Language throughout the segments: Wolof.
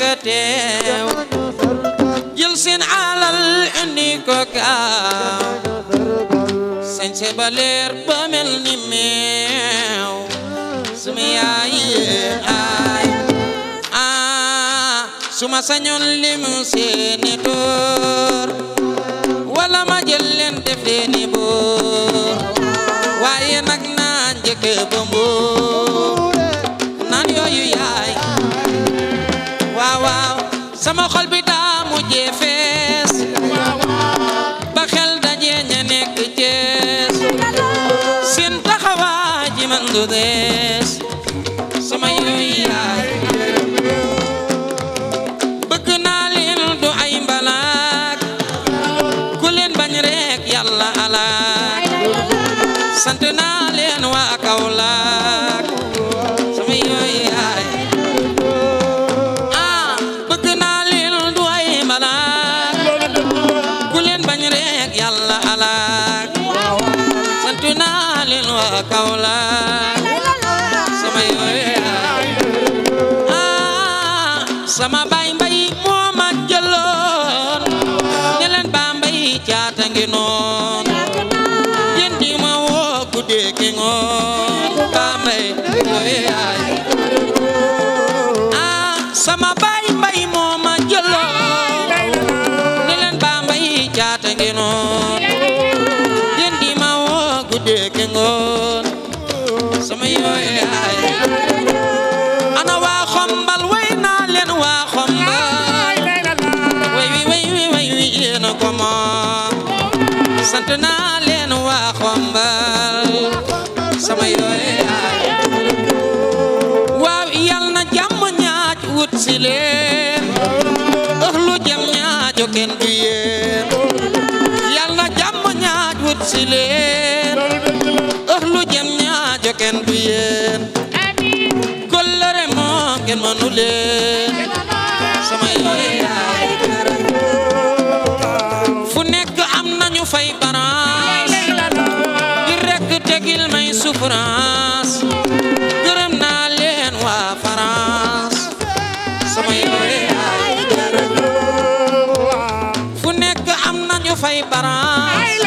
ka teew jël alal indi ko gaaw sañse ba mel ni meew suma yaay ay aa ah, suma sañoon lim seeni tóor wala ma jël leen def leeni boor waaye nag naa njëkk ba sama xol bi daa mujjee fees ba xel dajee ña nekk cees seen taxawaa ji man du dee sama baay mbay moo ma jëloon ne leen caata ngi noonu sant naa leen waa xombal sama yooye waaw yal na ñaaj wut si leen ëxlu ñaajo kenn du yéen yal ñaaj wut si leen ëxlu ñaajo kenn du yéen kollëre moo kenn mënu leen ñu fay baraas ngir rekk tegil may souffrance gërëm naa leen waa France sama yore ay fu nekk am na ñu fay baraas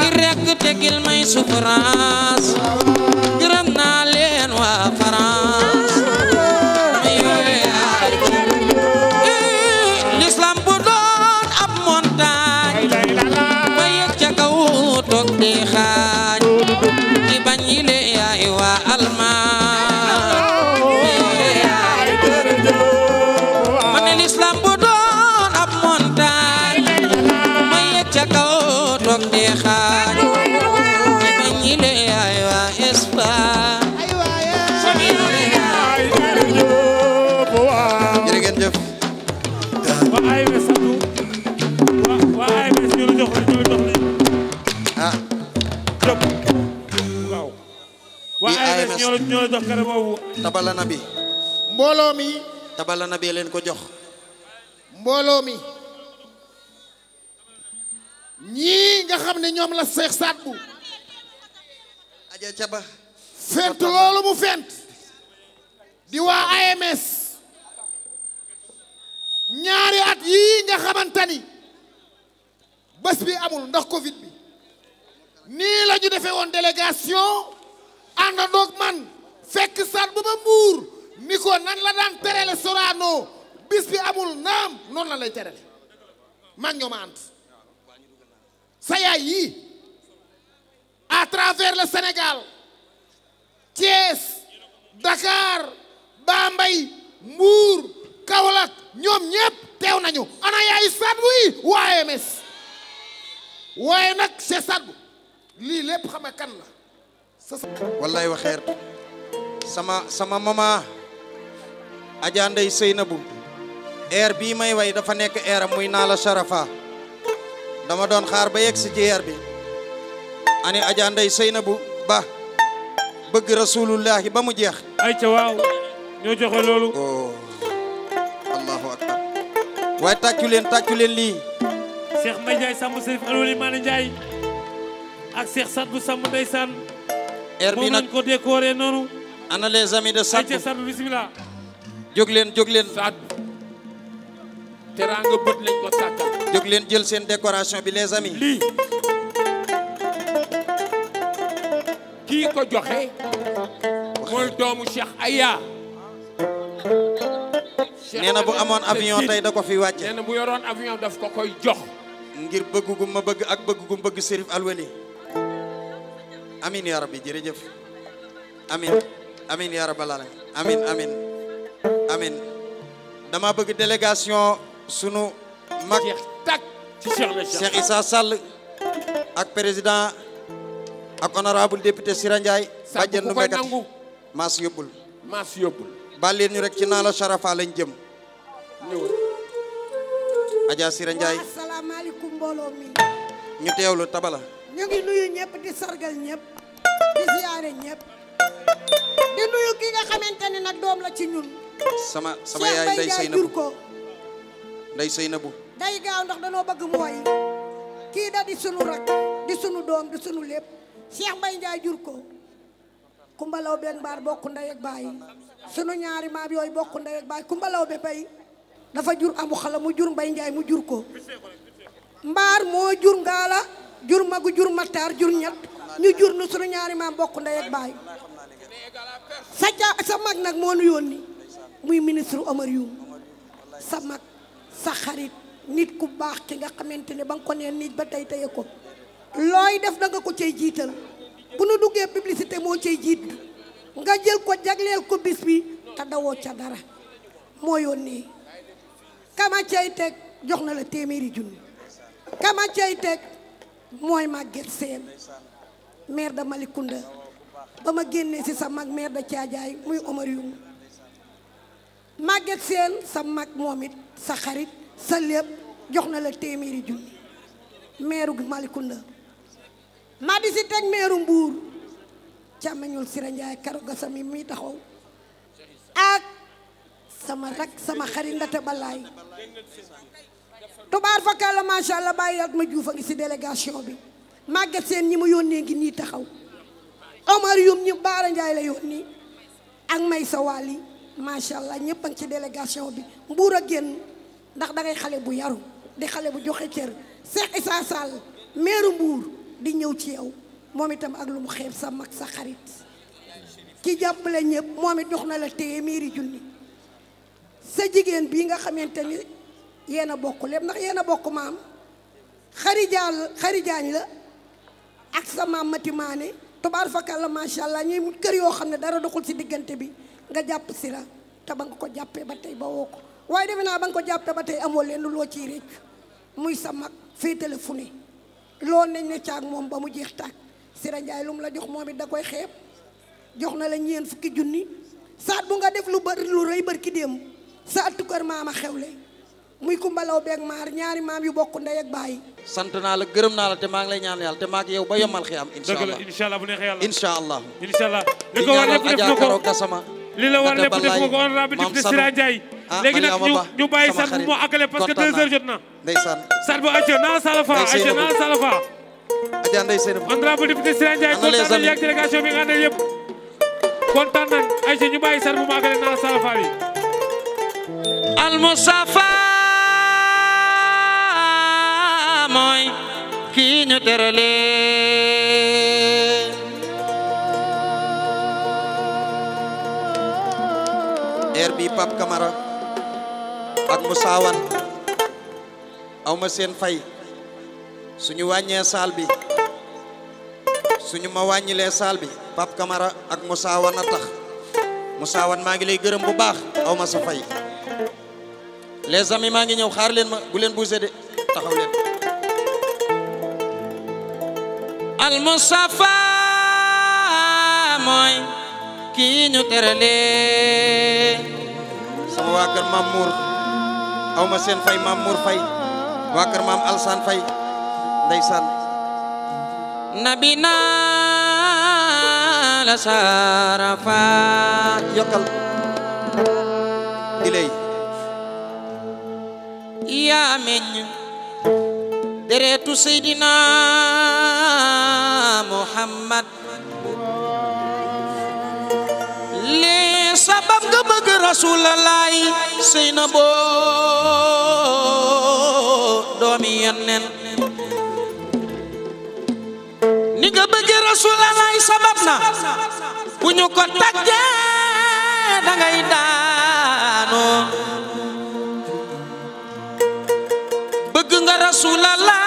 ngir rekk tegil may souffrance bañ yi ñoo jox kare boobu. tabala na mbooloo mi. tabala na bee leen ko jox. mbooloo mi. ñii nga xam ne ñoom la seex saat bu. aja ca ba. fent loolu mu fent. di waa AMS. ñaari at yii nga xamante ni. bés bi amul ndax Covid mi nii la ñu defee woon délégation àndandoog man. fekk saat ba ba mbuur ni ko nan la daan terele Sorano bis bi amul naam noonu la lay terele maa ngi ñoo ma ànd sa yaay yii à travers le Sénégal Thiès Dakar Bambey Mbour Kaolack ñoom ñépp teew nañu ana yaayu Sadbou yi waaye mes waaye nag c'est Sadbou lii lépp xam nga kan la sa wallaay waxeer sama sama mama Adja Ndeye Seynabou air bii may way dafa nekk air muy naa la sharafa dama doon xaar ba yegg si ci air bi ani Adja Ndeye Seynabou ba bëgg rasulullahi ba mu jeex ay ca waaw ñoo joxe loolu oh, allahu akbar waaye tàccu leen tàccu leen lii Cheikh Mbaye Ndiaye Samb Serif Alwali Maane Ndiaye ak Cheikh Sadbou Samb ndeysaan air bi nag ko décoré noonu ana les amis de Sadbou Sadbou jóg leen jóg leen Sadbou teraanga bët lañ leen jël seen décoration bi les amis lii kii ko joxe mooy doomu Cheikh Aya nee na bu amoon avion tey da ko fi wàcce nee bu yoroon avion def ko koy jox ngir bëggugum ma bëgg ak bëggugum bëgg Serif Alwely amin ya rabbi jërëjëf amin amin yaa rabbal amin amin amin dama bëgg délégation sunu mag tak ci Cheikh Issa Sall ak président ak honorable député Sira Ndiaye bàjjen nu maas yóbbul maas yóbbul ci naa la sharafa lañ jëm Adja Sira Ndiaye asalaamaaleykum mbooloo mi ñu tabala ñu ngi nuyu ñëpp di sargal ñëpp di ziyaare ñëpp di nuyu ki nga xamante ne nag doom la ci ñun. sama sama yaay nday sëy na bu sëy na bu. day gaaw ndax danoo bëgg mooy kii da di sunu rak di sunu doom di sunu lépp Cheikh Mbaye Ndiaye jur ko. kumbalaw benn bokk ndey ak ñaari maam yooyu bokk ndey ak baay kumbalaw be bay dafa jur amu mu jur Mbaye Ndiaye mu jur ko. mbaar moo jur ngaala jur magu jur mattaar jur ñett ñu jur nu sunu ñaari maam bokk ndey ak baay sajjaa ak sa mag nag moo nu yónni muy ministre Omar Youm sa mag sa xarit nit ku baax ki nga xamante ne ba nga ko nee nit ba tey teye ko looy def da nga ko cay jiital bu nu duggee publicité moo cay jiit nga jël ko jagleel ko bis bi te dawoo ca dara moo yónnee kama cay teg jox na la téeméeri junni kama cay teg mooy màgget seen maire de Malicounda ba ma génnee si sa mag meer da caajaay muy Omar Youm Maguette Sène sa mag moomit sa xarit sa lépp jox na la téeméeri junni meeru Malicounda ma di si teg meeru Mbuur càmmeñul Sira Njaay mi muy taxaw ak sama rak sama xarit ndate balaay tubaar fakkaat la masha allah bàyyi ma juuf a ngi si délégation bi Maguette seen ñi ma yónnee ngi nii taxaw Omar Youm ñu Baara Ndiaye la yónni ak may sa wàlli macha allah ñëpp a ngi ci délégation bi mbuur a génn ndax dangay xale bu yaru di xale bu joxe cër Cheikh Issa Sall meeru mbuur di ñëw ci yow moom itam ak lu mu xeeb sa mag sa xarit ki jàppale ñëpp moom it dox na la téeméeri junni sa jigéen bi nga xamante ni yéen a bokk lépp ndax yéen a bokk maam xarijaal xarijaañ la ak sa maam matimaane tubaar fakàlla macha allah ñuy mut kër yoo xam ne dara doxul ci diggante bi nga jàpp si la te ba nga ko jàppee ba tey ba woo ko waaye defe naa ba nga ko jàppee ba tey amoo leen loo ciy récc muy sa mag fii téléphoné lool nañ ne caag moom ba mu jeex tàkk Sira Ndiaye lu mu la jox moom it da koy xeeb jox na la ñeen fukki junni saat bu nga def lu bari lu rëy bari ki démb saat tukar maama xewle muy kumbalaw beeg maar ñaari maam yu bokk ndey ak naa la gërëm la te maa ngi lay ñaan yàlla bu neexee yàlla. allah. incha allah li ko war lépp def na ko li la war ah, bu moo àggale naa salafa acca naa mooy kii ñu teralee air bi Pape Camara ak Moussa Wan aw ma seen fay suñu wàññee saal bi suñu ma wàññilee saal bi Pape kamara ak Moussa Wan a tax Moussa Wan maa ngi lay gërëm bu baax aw ma sa fay les amis maa ngi ñëw xaar leen ma bu leen bousee de taxaw leen al mooy kii ñu teralee sama waa kër maam Mour aw ma seen fay maam Mour fay waa kër maam Alsan fay ndeysaan nabi naa la sarafa yokkal ilay yaa meññ deretu seydina muhammad lii sabab nga bëgg rasuulalaay seyna boo doomi yenneen ni nga bëgg rasuulalaay sabab na bu ñu ko tàggee dangay daanu bëgg nga rasuulalaay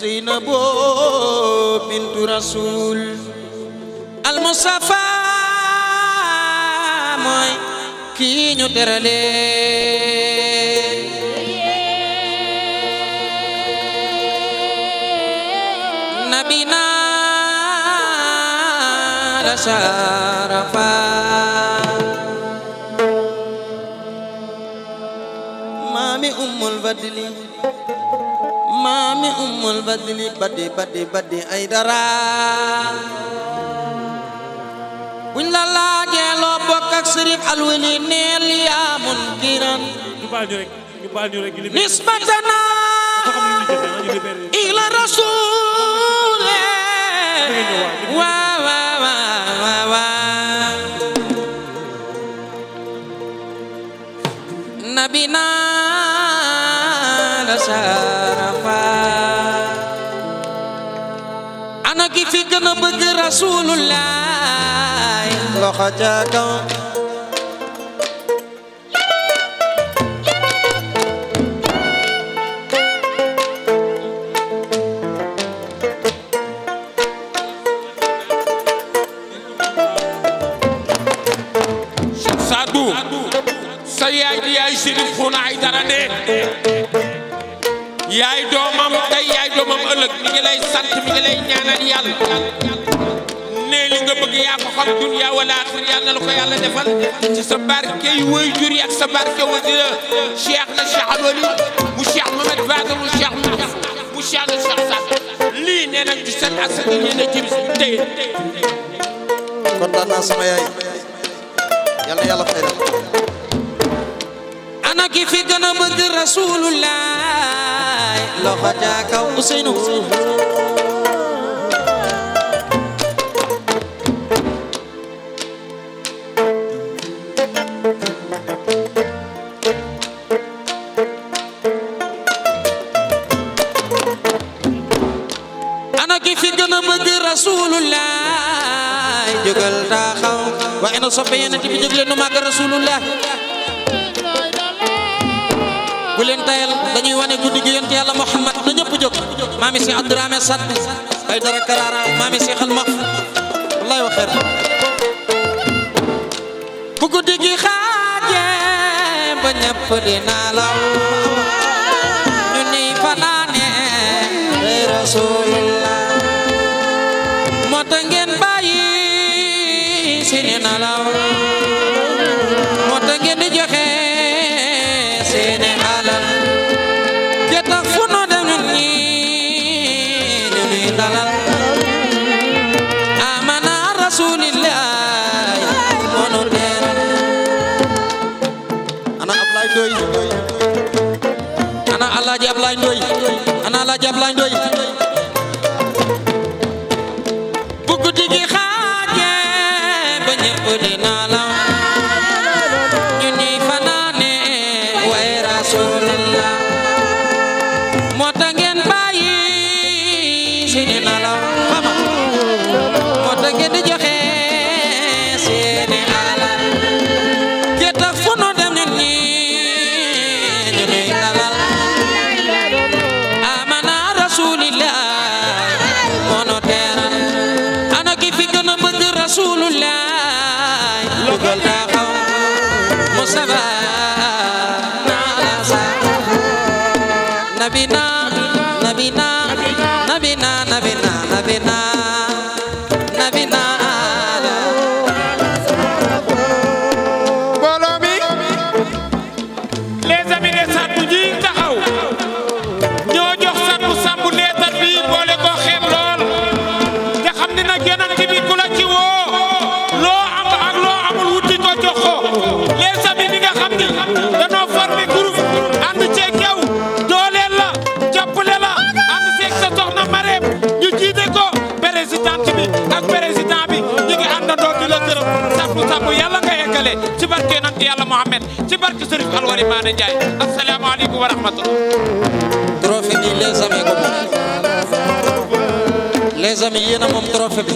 زينب بنت رسول المصطفى موي كي ñu terale نبينا رشرفا مامي ام البدلين maami ummul badli badi badi badi ay dara buñ la laajee loo bokk ak sërif alweli neel yaa mun kiran nisbatana ila rasule waa waa waa waa nabina la saa fi gën a bëgg rasulullah loxo ca kaw Sadou sa yaay di yaay Chérif Khouna Aidara ne ngi lay sant mi ngi lay ñaanal yàlla ne li nga bëgg yaa ko xam dunya wala axir yàlla na la ko yàlla defal ci sa barke yi way jur yi ak sa barke wu di la cheikh na cheikh alwali mu cheikh Mohamed Fadel mu cheikh Mahmoud mu cheikh na cheikh Sax lii nee nañ ci seen ak sa yéen ne ci bis tey kontaan naa sama yaay yàlla yàlla fay la ana ki fi gën a bëgg rasulullah loxo jaa kaw Ousseynou rasulullah jógal daa xaw waaye na soppe yeneen bi jóg leen nu màgg rasulullah bu leen tayal dañuy wane guddi gi yonent yàlla Muhammad na ñëpp jóg maami si Abdourahmane Sat ay dara karara maami si xal maq wallaay wa xeer bu guddi gi xaaje ba ñëpp di nalaw ñu ni fanaane ay rasulullah moo tax ngeen bàyyi seeni nalaw nabina présidente ak président bi ñu ngi àndandoo di la gërëm sapu sapu yàlla nga yeggale ci barke yonent yàlla Mohamed ci barke Serigne Alwari Maane Ndiaye asalaamaaleykum wa rahmatullah trophée bi les amis ko moom les amis yéen a moom trophée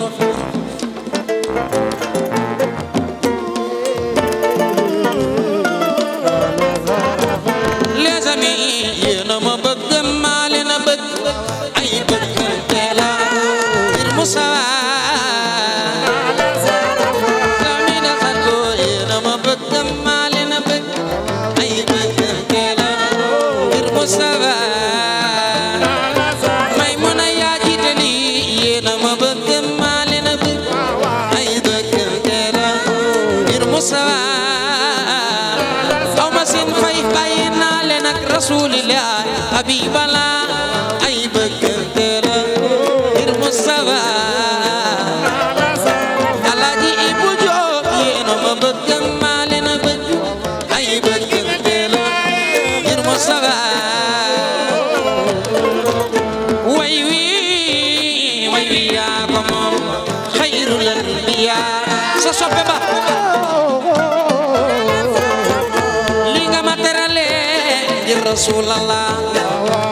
rasulallah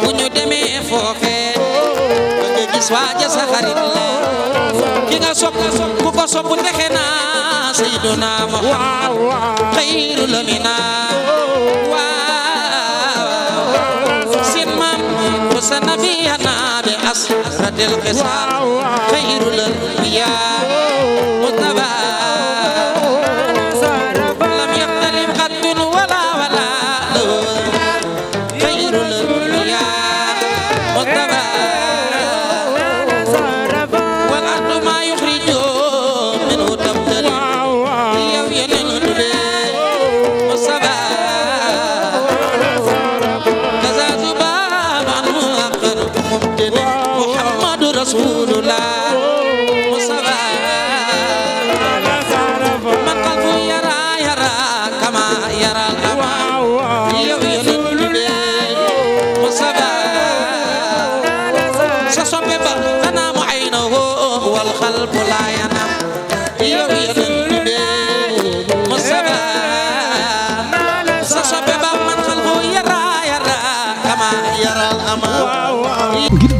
bu ñu demee foofee nga gis waaja sa xarit la ki nga sopp ku ko sopp texe na sayyiduna Muhammad xayrul amina أحسن نبينا بأسرة الخصال خير الأنبياء